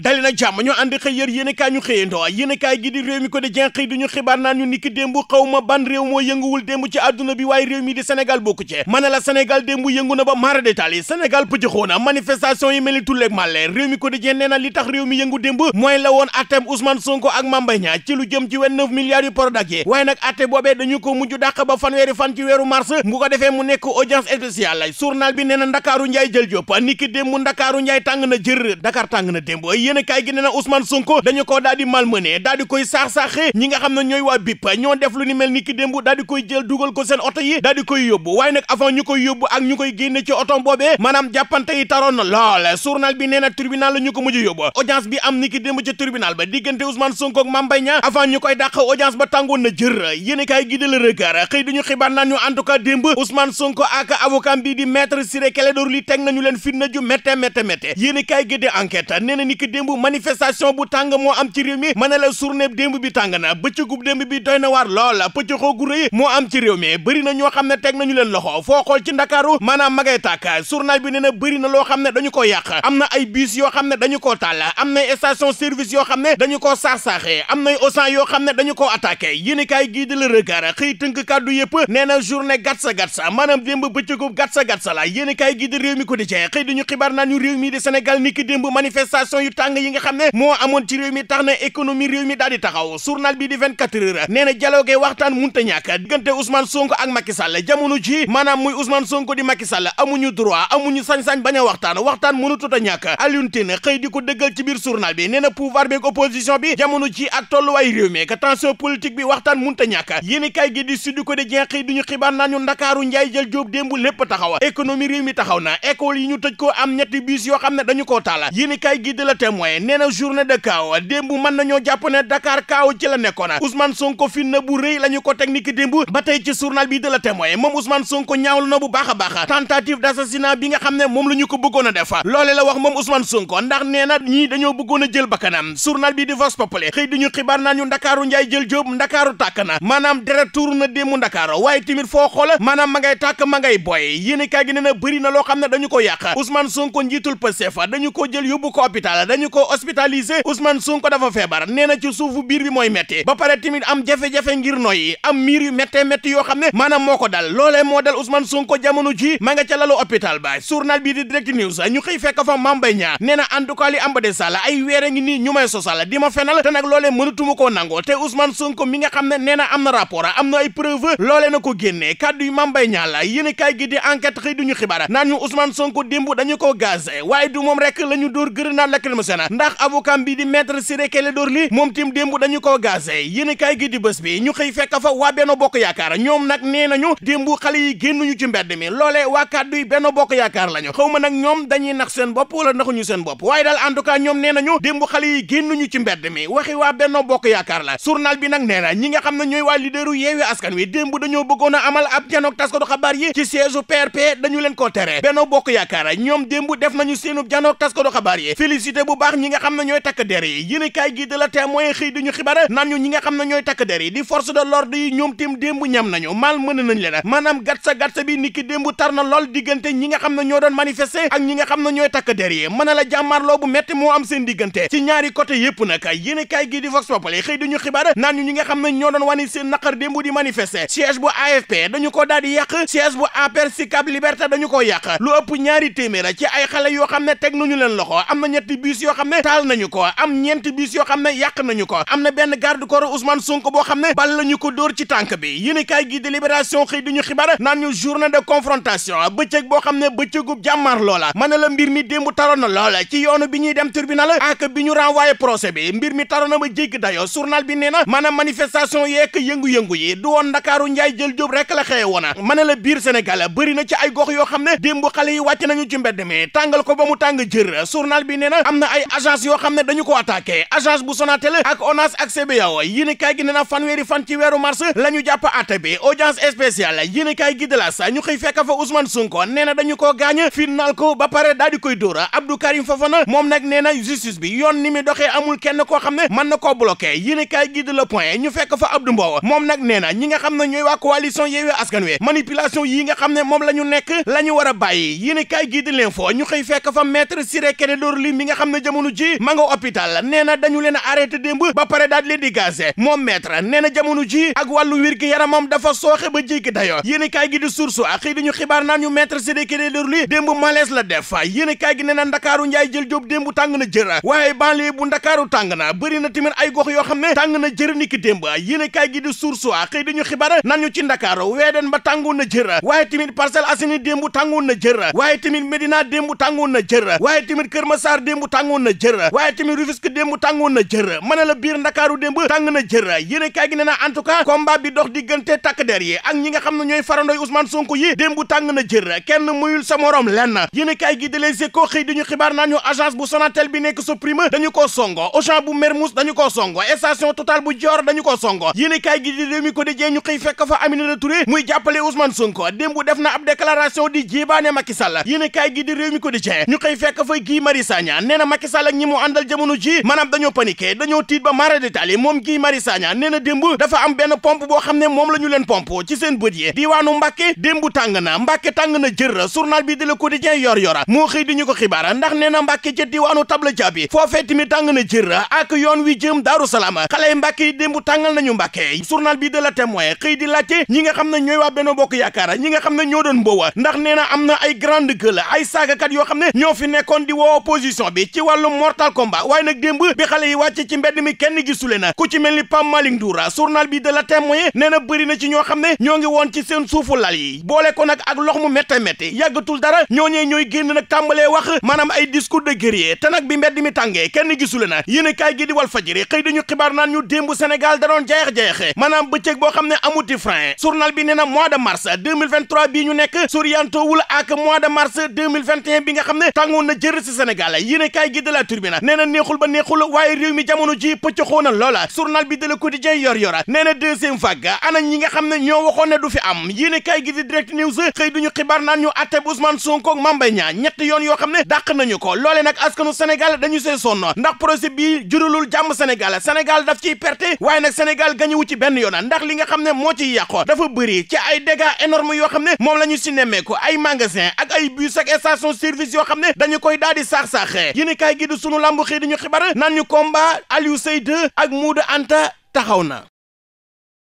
dali na jàmm ñoo ànd xëy yar yéenekaay ñu a yéenekaay gi di réew mi ko di jen xëy du ñu xibaar naan ñu niki démb xaw ma ban réew moo yënguwul démb ci àdduna bi waaye réew mi di Sénégal bokku ci mën la Sénégal démb yëngu na ba mara détail Sénégal pëccëxoo na manifestation yi mel ni tulleeg màlle réew mi ko di jen nee na li tax réew mi yëngu démb mooy la woon atteem Ousmane Sonko ak Mame Mbaye ci lu jëm ci 29 milliards yu Prodac yi waaye nag atte boobee dañu ko mujj dàq ba fanweeri fan ci weeru mars bu ko defee mu nekk audience spéciale journal bi nee na Ndakaaru Njaay jël joppa niki Ndakaaru Njaay tàng na jër Dakar tàng na démb yéen a kaay gi nee na Ousmane Sonko dañu ko daal di malmené daal di koy saax-saaxe ñi nga xam ne ñooy waa BIP ñoo def lu ni mel ni démb daal di koy jël dugal ko seen oto yi daal di koy yóbbu waaye nag avant ñu koy yóbbu ak ñu koy génne ci oto boobee maanaam jàppante yi taroon na lool journal bi nee na tribunal la ñu ko mujj yóbbu audience bi am ni ki démb ci tribunal ba diggante Ousmane Sonko ak Mame avant ñu koy dàq audience ba tàngoon na jër yéen a kaay gi de leen fitna ju métte métte métte yéen a kaay démb manifestation bu tàng moo am ci réew mi ma ne la journée démb bi tàng na bëccëgub démb bi doy na waar lool pëccëxoo gu rëy moo am ci réew mi bëri na ñoo xam ne teg nañu leen loxo foo xool ci ndakaaru maanaam ma ngay tàkk journal bi nee na bëri na loo xam ne dañu ko yàq am na ay bus yoo xam ne dañu koo tàll am na station service yoo xam ne dañu ko saax-saaxee na nay ausan yoo xam ne dañu koo attaqué yéenekaay gii di la regard xëy tënk kàddu yëpp nee na journée gatsa gatsa maanaam démb bëccëgub tàng amuñu droit amuñu sañ-sañ bañ a waxtaan waxtaan mënutut a ñàkk xëy di ko dëggal ci biir bi nee na bi ak bi jamono ji ak tolluwaay réew mi que tension politique bi waxtaan munta ñàkk yéen kay gi di ko di jeex xëy duñu xibaar naa ndakaaru njaay jël jóob démbu lépp taxaw économie réew mi taxaw na école yi ñu tëj ko am ñetti bus yoo xam ne dañu koo taal yéen kay gi la tem mooy nee na journée de kaaw démb mën nañoo jàpp ne Dakar kaaw ci la nekkoon Ousmane Sonko fitna bu rëy la ñu ko technique démb ba tey ci journal bi de la témoin moom Ousmane Sonko ñaawlu na bu baax a baax tentative d'assassinat bi nga xam ne moom la ñu ko bëggoon a def loole la wax moom Ousmane Sonko ndax nee na ñii dañoo bëggoon a jël bakkanam journal bi di Vox Populi xëy du ñu xibaar naa ñu Ndakaaru njaay jël jóob Ndakaaru tàkk na maanaam deret tuur na démb Ndakaaru waaye tamit foo xool maanaam ma ngay tàkk ma ngay boy yéene kaay gi nee na bëri na loo xam ne dañu ko yàq Ousmane Sonko njiitul Pastef dañu ko jël yóbbu ko hôpital ñu ko hospitalisé Ousmane Sonko dafa feebar nee na ci suufu biir bi mooy metti ba pare am jafe-jafe ngir noyyi am miir yu méttee yoo xam ne maanaam moo ko dal loolee moo dal Ousmane Sonko jamono ji ma nga ca lalu hôpital ba journal bii di direct news ñu xëy fekk fa Mame Mbaye Niang nee na en am ba de sàll ay weere ngi nii ñu may sosal di fenal te nag loolee mënatuma koo nangoo te Ousmane Sonko mi nga xam ne nee am na am na ay poussé na ndax avocat bi di maître Ciré Clédor Ly moom tim démb dañu ko gazé yéenekaay gi di bés bi ñu xëy fekk fa waa Benno Bokk Yaakaar lañu xaw ma nag ñoom dañuy nax seen bopp wala naxuñu seen bopp waaye daal en ñoom nee nañu démb xale yi génnuñu ci mbedd mi waxi waa Benno Bokk Yaakaar la journal bi nag nee na ñi nga xam ne ñooy waa leaderu Yewwi Askan Wi démb dañoo bëggoon a amal ab janoog taskatu xabaar yi ci siège PRP dañu leen ko tere bu baax ñi nga xam ne ñooy takk der yi yéenekaay gi de la Témoin xëy di ñu xibaar naan ñu ñi nga xam ne ñooy takk der yi di force de l'ordre yi ñoom tim démb ñam nañu mal mën nañ leen maanaam gatsa gatsa bi niki démb tar na lool diggante ñi nga xam ne ñoo doon manifester ak ñi nga xam ne ñooy takk der yi mën na la jàmmaarloo bu metti moo am seen diggante ci ñaari côté yépp nag yéenekaay gi di Vox Populi xëy di ñu xibaar naan ñu ñi nga xam ne ñoo doon ko daal di yàq ñaari téeméer ci ay xale yoo xam ne teg nañu leen loxo am na yoo xam ne taal nañu ko am ñeenti bis yoo xam ne yàq nañu ko am na benn garde corps Ousmane Sonko boo xam ne bal la ñu ko dóor ci tànk bi yéenekaay gi délibération xëy duñu xibaar naan ñu journée de confrontation bëccëg boo xam ne bëccëgub jàmmaar loola ma na la mbir mi démb taroon na loola ci yoonu bi ñuy dem tribunal ak bi ñu renvoyé procès bi mbir mi taroon na ma jéggi dayo journal bi nee na maanaam manifestation yeek yëngu-yëngu yi du woon Ndakaaru Njaay jël jóob rek la xëye woona ma ne la biir Sénégal bëri na ci ay gox yoo xam ne démb xale yi wàcc nañu ci mbedd mi tàngal ko ba mu tàng jër journal bi nee na am na ay agence yoo xam ne dañu ko attaqué agence bu Sonatel ak ONAS ak CBAO yéen kaay gi nee na fanweeri la ñu jàpp atte bi audience spéciale gi de xëy fekk fa Ousmane Sonko nee na dañu koo gaañ final ko ba pare daal di koy dóor Abdou Karim moom nag nee na justice bi yoon ni mi doxee amul kenn koo xam ne mën na koo bloqué yéen kaay gi ñu fekk fa Abdou Mbow moom nag nee na ñi nga xam ne ñooy waa coalition Yewwi Askan Wi manipulation yi nga xam ne moom la ñu nekk la ñu war a bàyyi yéen kaay gi de l'info ñu xëy xam ne jamono ji ma nga hôpital nee na dañu leen arrêté démb ba pare daal leen di gazé moom maître nee na jamono ji ak wàllu wér gi yaramam dafa sooxe ba jéggi dayoo yéen kaay gi di source ak xëy dañu xibaar naan ñu maître Sidiki Ly démb malaise la def yéen kaay gi nee na ndakaaru njaay jël jóob démb tàng na jër waaye banlieue bu ndakaaru tàng na bëri na tamit ay gox yoo xam ne tàng na jër niki démb yéen kaay gi di source ak xëy dañu xibaar naan ñu ci ndakaaru weeden ba tàngoon na jër waaye tamit Parcelles Assainies démb tàngoon na jër waaye tamit Médina démb tàngoon na jër waaye tamit Kër Massar démb tàngoon tàngoon na jër waaye tamit Rufisque démb na jër ma biir ndakaaru démb tàng na jër yéen kaay gi nee na en bi dox diggante takk yi ak ñi xam ne ñooy farandoy Ousmane Sonko yi démb tàng na jër kenn muyul sa morom lenn yéen gi de Les Échos xëy ñu xibaar naa ñu agence bu Sonatel bi nekk Soprime dañu koo songo Auchan bu Mermoz bu Dior dañu koo songo yéen kaay gi di Rewmi Quotidien ñu xëy Sonko démb def na ab déclaration di jéebaane ñu xëy fekk fa Macky Sall ak ñi mu àndal jamono ji maanaam dañoo paniqué dañoo tiit ba mara détaillé moom Guy Marius Sagna nee na démb dafa am benn pompe boo xam ne moom la ñu leen pompe ci seen bët yi diwaanu Mbàkke démb tàng na Mbàkke tàng na jër journal bi di Le Quotidien yor yora moo xëy di ñu ko xibaara ndax nee na Mbàkke ca diwaanu Tabla Jaabi foofee tamit tàng na jër ak yoon wi jëm Daaru Salaam xale yi Mbàkke yi démb tàngal nañu Mbàkke journal bi de La di laajte ñi xam ne ñooy waa Benno Bokk Yaakaar ñi xam ne ñoo doon mboowa ndax nee na am na ay grande yoo xam ne ñoo fi di woo opposition wàllum mortal combat waaye nag démb bi xale yi wàcc ci mbedd mi kenn gisule na ku ci mel ni Pam Malick Ndoura journal bi de la témoin nee na bëri na xam ne ñoo ngi woon ci seen suufu lal yi boole ko nag ak lox mu métte métte yàggatul dara ñooñee ñooy génn nag tàmbalee wax maanaam ay discours de guerrier te nag bi mbedd mi tàngee kenn gisule na yéen kaay wal fajiri xëy ñu démb Sénégal da maanaam bëccëg boo xam ne amuti frein journal bi nee na mois ñu nekk soriyantoowul ak mois de mars 2021 bi ne tàngoon na jër gi de la Tribune nee na neexul ba neexul waaye réew mi jamono ji pëccaxoo na loola journal bi de Le Quotidien yor yora nee na deuxième vague ana ñi nga xam ne ñoo waxoon ne du fi am yéen kay gi di Direct News xëy duñu xibaar naan ñu atte bu Ousmane Sonko ak Mame Mbaye yoon yoo xam ne dàq nañu ko loole nag askanu Sénégal dañu see sonn ndax procès bi juralul jàmm Sénégal senegal daf ciy perte waaye nag ga gañuwu ci benn yoon ndax li nga xam ne moo ciy yàqoo dafa bëri ci ay dégâts énormes yoo xam ne moom la ñu si nemmeeku ay magasin ak ay bus ak station service yoo xam ne dañu koy daal di saax-saaxee kaay gi di sunu lambu xëy di ñu xibaar naan ñu combat Aliou Seye ak Modou Anta taxaw na